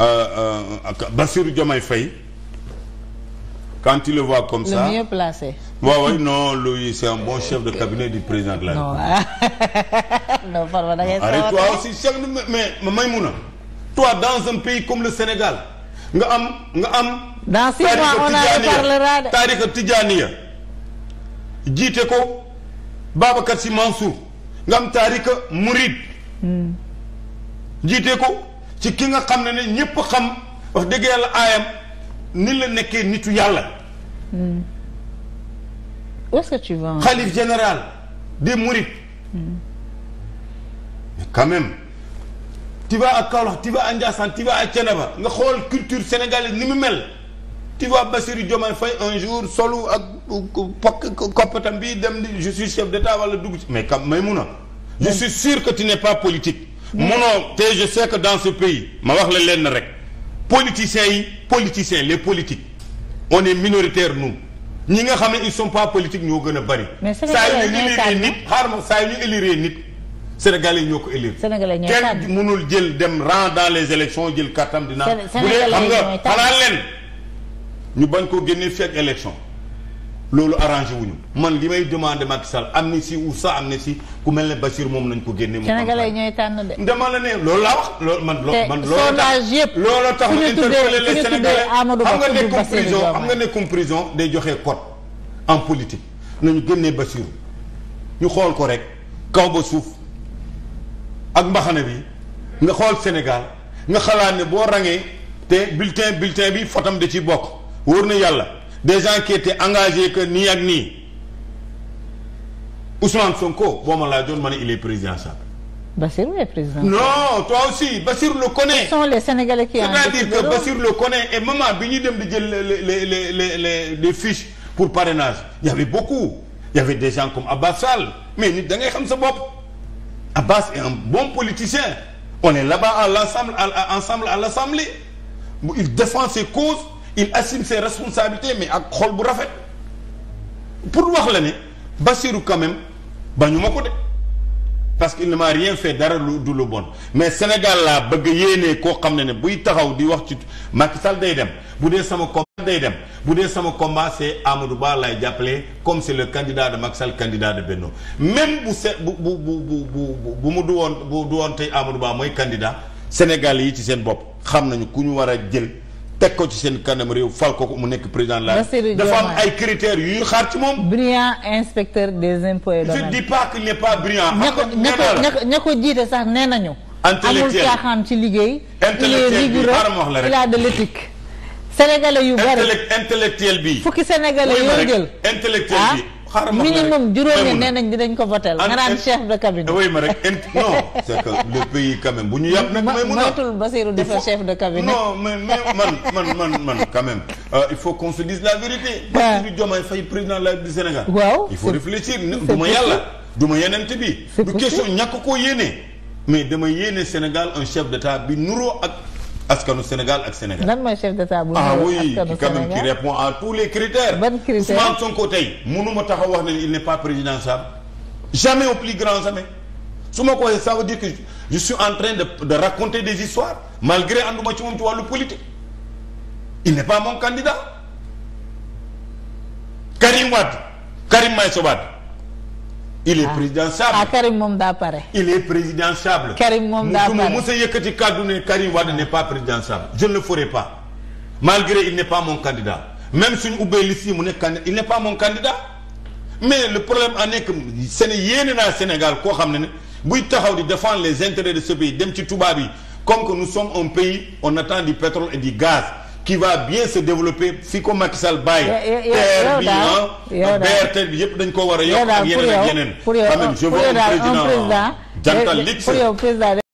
Euh, euh, Bassirou Diomaye Faye quand tu le waaw waay non lui c'est bon chef de cabinet du président de la République. non Farba da ngay arrête toi chef de mais Maïmouna toi dans un pays comme le Sénégal nga am nga am. dans six mois jiite ko Babacar Sy Mansour nga am taarixa Mouride. Hmm. jiite ko. ci ki nga xam ne ne ñëpp xam wax dëgg yàlla aayam ni la nekkee nitu yàlla. où hmm. est général des Mourides. Hmm. mais quand même. tu vas à Kaolack tu vas à Ndiassane tu vas nga xool culture sénégalaise ni mu mel. tu vois Bassirou Diomaye Faye un jour solo ak pok koppatam bi dem di je suis chef d'état wala dugg ci mais kam may mun a je hmm. suis sûr que tu n'es pas politique. munoo te je sais que dans ce pays ma wax la leen rek politiciens yi politiciens les politiques on est minoritaire nous ñi nga xam ne ils sont pas politiques ñoo gën a bari. saa yu ñu éliree nit xaaral ma saa yu ñu éliree nit sénégalais ñoo ko élire. sénégalais ñooy tànn kenn mënul jël dem rang dans les élections jël kàttam dinaa. bu dee xam nga xanaa leen ñu bañ koo génnee fekk élection. loolu arrangé wuñu man li may demandé Macky Sall amnistie ou sans amnistie ku mel ne Bassirou moom nañ ko génne. mu Sénégalais ñooy tànn de. dama la ne loolu laa wax. loolu man man loolu tax loolu tax ñu interpellé les Sénégalais xam nga nekkum prison xam nga nekkum prison day joxe code en politique nañu génnee Bassirou ñu xool ko rek kaw ba suuf ak mbaxana bi nga xool Sénégal nga xalaat ne boo rangee te bulletin bulletin bi fotam da ci bokk wóor na yàlla. des gens qui étaient engagés que nii ak nii Ousmane Sonko boo ma laajoon ma ne il est présidentiable. est président. non toi aussi Bassirou le connaît. ce sont les Sénégalais qui c'est-à-dire que Bassirou le connaît et moment bi ñuy dem di jël les les les les les fiches pour parrainage y avait beaucoup y avait des gens comme Abbas mais nit da ngay xam sa bopp Abbas est un bon politicien on est là-bas à l'ensemble à ensemble à l'Assemblée il défend ses causes. il assume ses responsabilités mais ak xol bu rafet pour wax la ne Bassirou quand même ma ko de parce qu'il ne m'a rien fait dara lu du lu bon mais Sénégal laa bëgg yéenee koo xam ne ne buy taxaw di wax ci Macky Sall day dem bu dee sama combat day dem bu dee sama combat c'est Ba lay jàppale comme c'est le candidat de Macky Sall candidat de Benno même bu se bu bu bu bu mu du woon bu du woon tey Amadou mooy candidat Sénégal yi ci seen bopp xam nañu ku ñu war a jël teg ko ci seen kanam réew fal ko mu nekk président la dafa am ay critères yu xaar ci moom. brillant inspecteur des impôts et domaines. je dis pas qu'il n'est pas brillant. ña ko ña ko ña ko jiite sax nee nañu. amul caaxaan ci liggéey. il est rigoureux a de l'éthique intellectuel bi fukki sénégalais yoo jël intellectuel ah? bi xaaral ma minimum juróomi nee nañ dinañ ko voté nga naan chef de cabinet. oui ma le pays quand bu ñu yàpp nag. may mun a moytul Basirou defa chef de cabinet. non mais mais man man man man quand même euh, il faut qu'on se la vérité. waaw Bassirou Diomaye Faye président de la du Sénégal. waaw il faut réfléchir du yàlla du ma bi. du question ñàkk koo yéene. mais damay yéene Sénégal un chef d'état bi nuroo ak. askanu Sénégal ak Sénégal. lan mooy chef d'état bu ah oui quand même qui répond à tous les critères. ban critère Ousmane Sonko tey mënuma taxaw wax ne il n'est pas présidentiable. jamais au plus grand jamais su ma ko sa ça veut dire que je suis en train de de raconter des histoires malgré ànduma ci moom ci wàllu politique il n'est pas mon candidat. Karim Wade Karim Meïssa Wade il est ah. présidentiable ah Karim moom daa pare. il est présidentiable. Karim moom daa pare mu su ma yëkkati kàddu ne Karim Wade n'est pas présidentiable je ne le ferai pas malgré il n'est pas mon candidat même suñu ubbee liste yi mu nekk candidat il n'est pas mon candidat mais le problème en nekk que Séné yéene naa Sénégal koo xam ne ne buy taxaw di défendre les intérêts de ce pays dem ci tubaab yi comme que nous sommes un pays on attend du pétrole et du gaz. qui va bien se développer fi ko Macky Sall bàyyi. terre bi ah BRT bi yëpp dañ ko war a yokk ak yeneen je veux un président jantal